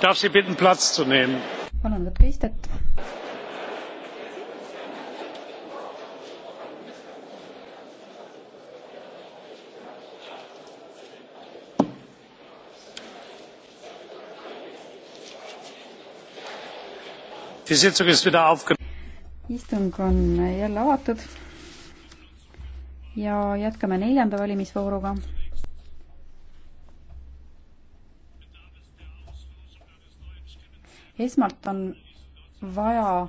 darf Sie bitten, Platz zu nehmen. palun võtke istet. istung on jälle avatud ja jätkame neljanda valimisvooruga esmalt on vaja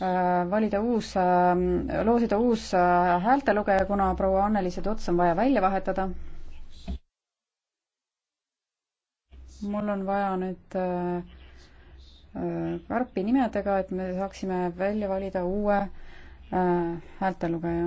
äh, valida uus, äh, loosida uus äh, häältelugeja, kuna proua Anneliise Tots on vaja välja vahetada. mul on vaja nüüd karpi nimedega, et me saaksime välja valida uue häältelugeja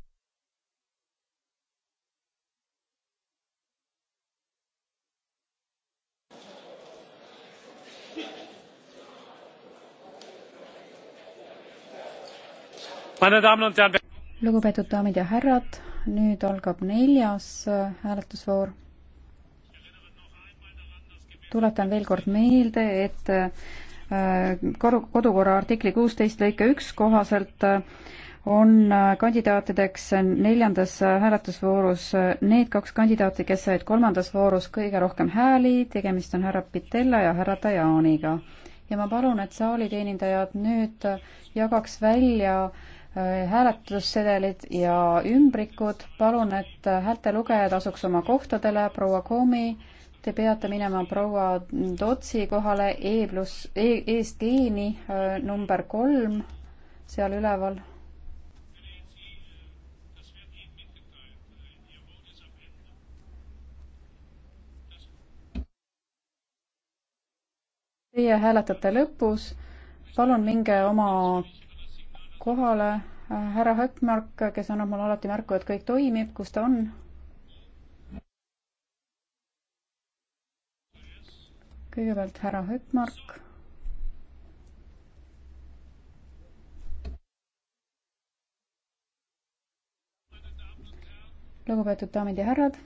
lugupeetud daamid ja härrad, nüüd algab neljas äh, hääletusvoor. tuletan veel kord meelde, et äh, kodukorra artikli kuusteist lõike üks kohaselt äh, on kandidaatideks neljandas hääletusvoorus need kaks kandidaati, kes said kolmandas voorus kõige rohkem hääli, tegemist on härra Pitella ja härra Tajaniga. ja ma palun, et saaliteenindajad nüüd jagaks välja Äh, hääletussedelid ja ümbrikud. palun, et äh, häältelugejad asuks oma kohtadele. proua Komi, te peate minema proua Tootsi kohale E pluss e, E-st geeni äh, number kolm seal üleval. Teie hääletate lõpus. palun minge oma kohale äh, härra Hökmark, kes annab mulle alati märku, et kõik toimib, kus ta on? kõigepealt härra Hökmark. lugupeetud daamid ja härrad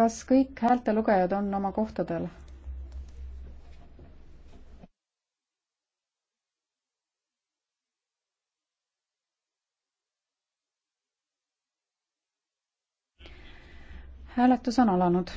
kas kõik häältelugejad on oma kohtadel? hääletus on alanud.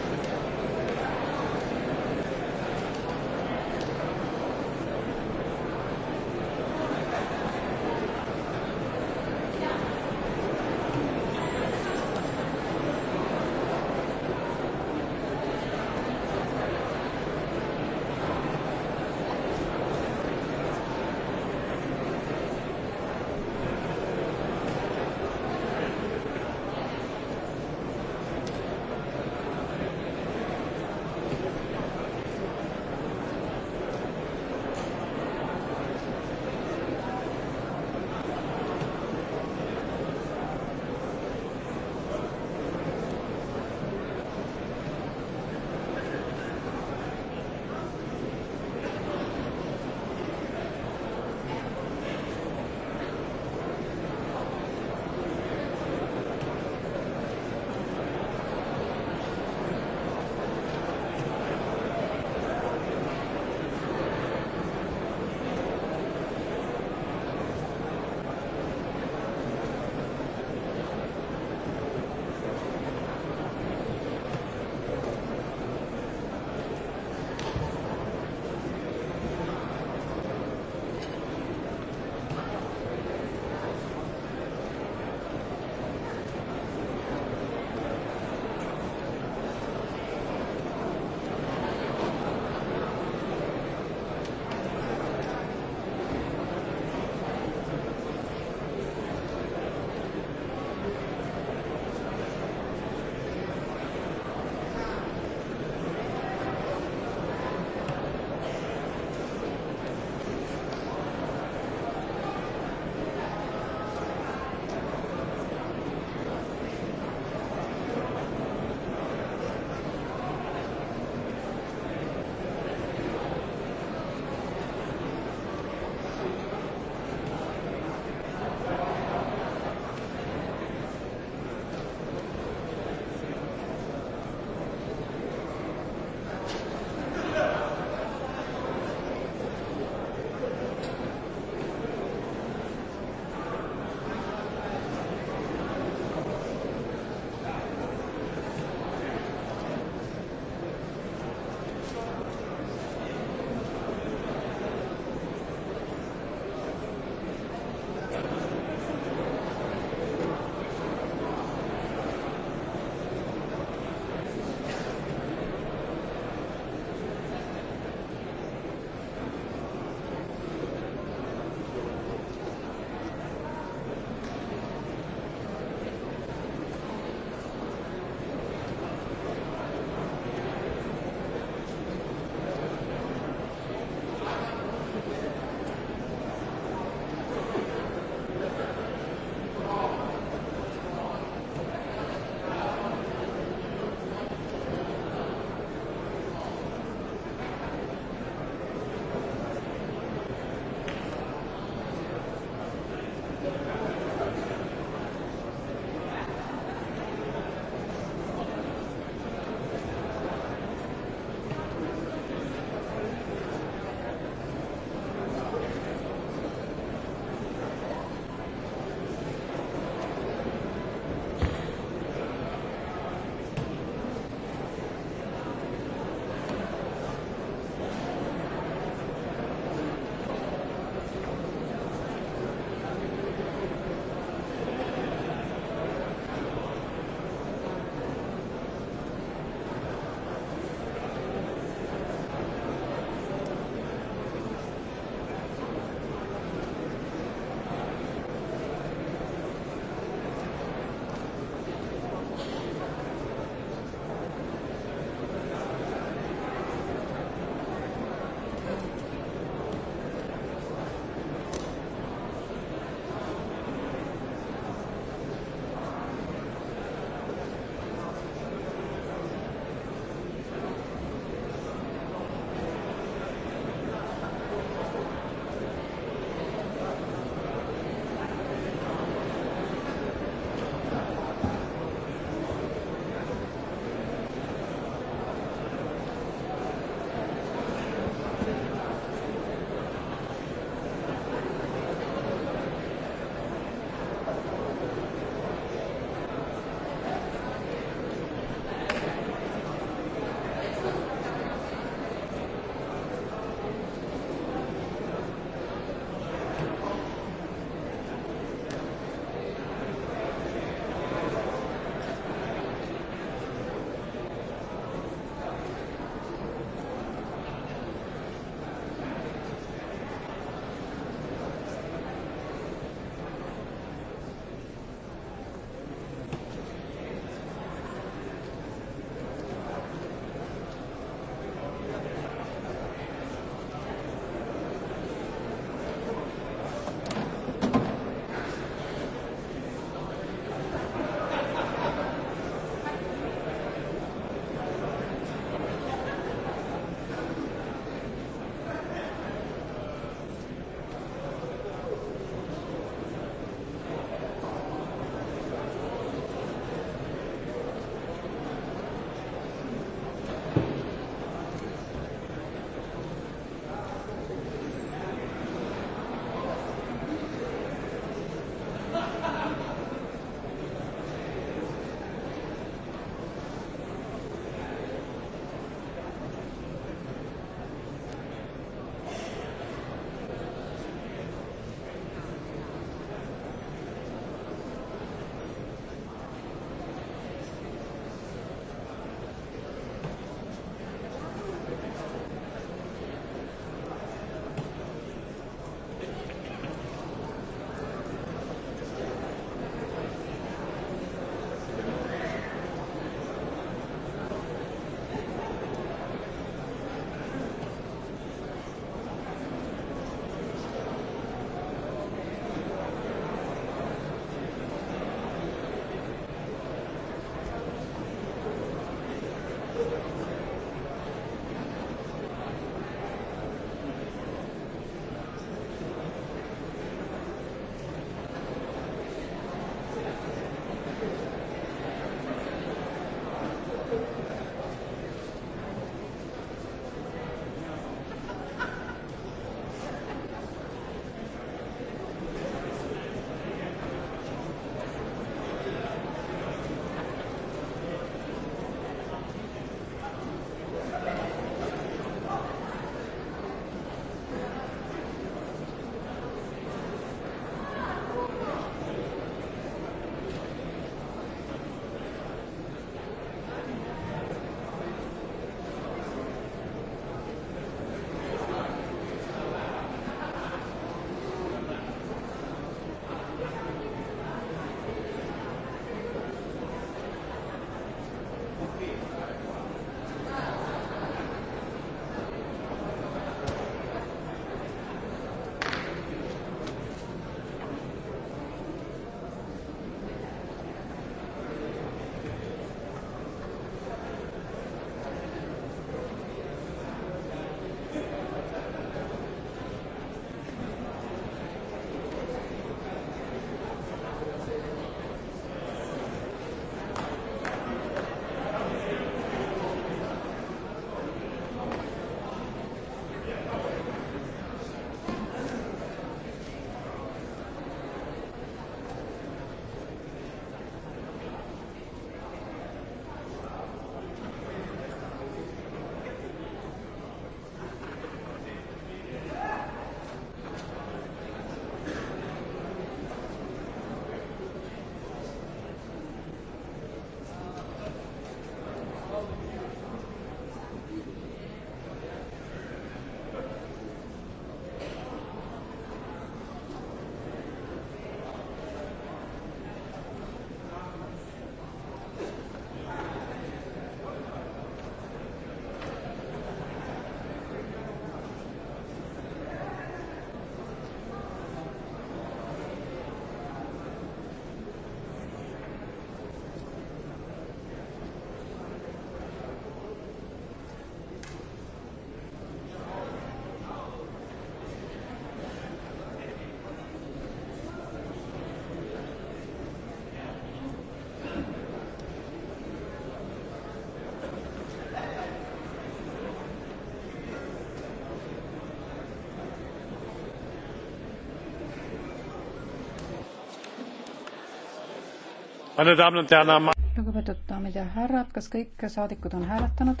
lugupeetud daamid ja härrad, kas kõik saadikud on hääletanud?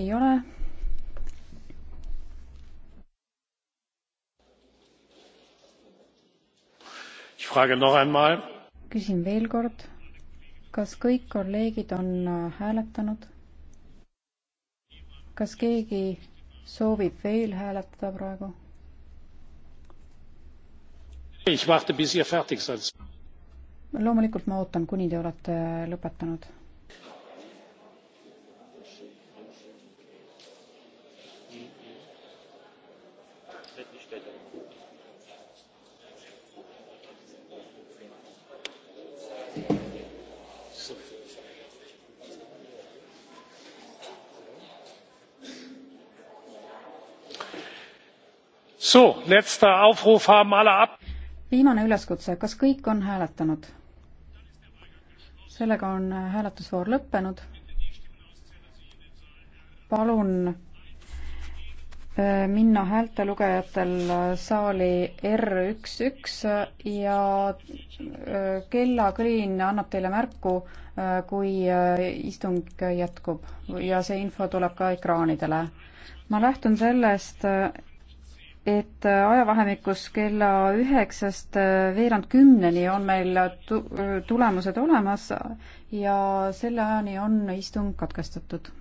ei ole. küsin veel kord, kas kõik kolleegid on äh, hääletanud? kas keegi soovib veel hääletada praegu? ich warte bis ihr fertig seid loomulikult ma ootan, kuni te olete lõpetanud. viimane üleskutse kas kõik on hääletanud? sellega on äh, hääletusvoor lõppenud. palun äh, minna häältelugejatel äh, saali R11 ja kellakõlin annab teile märku, kui istung jätkub ja see info tuleb ka ekraanidele. ma lähtun sellest, et ajavahemikus kella üheksast veerand kümneni on meil tu-, tulemused olemas ja selle ajani on istung katkestatud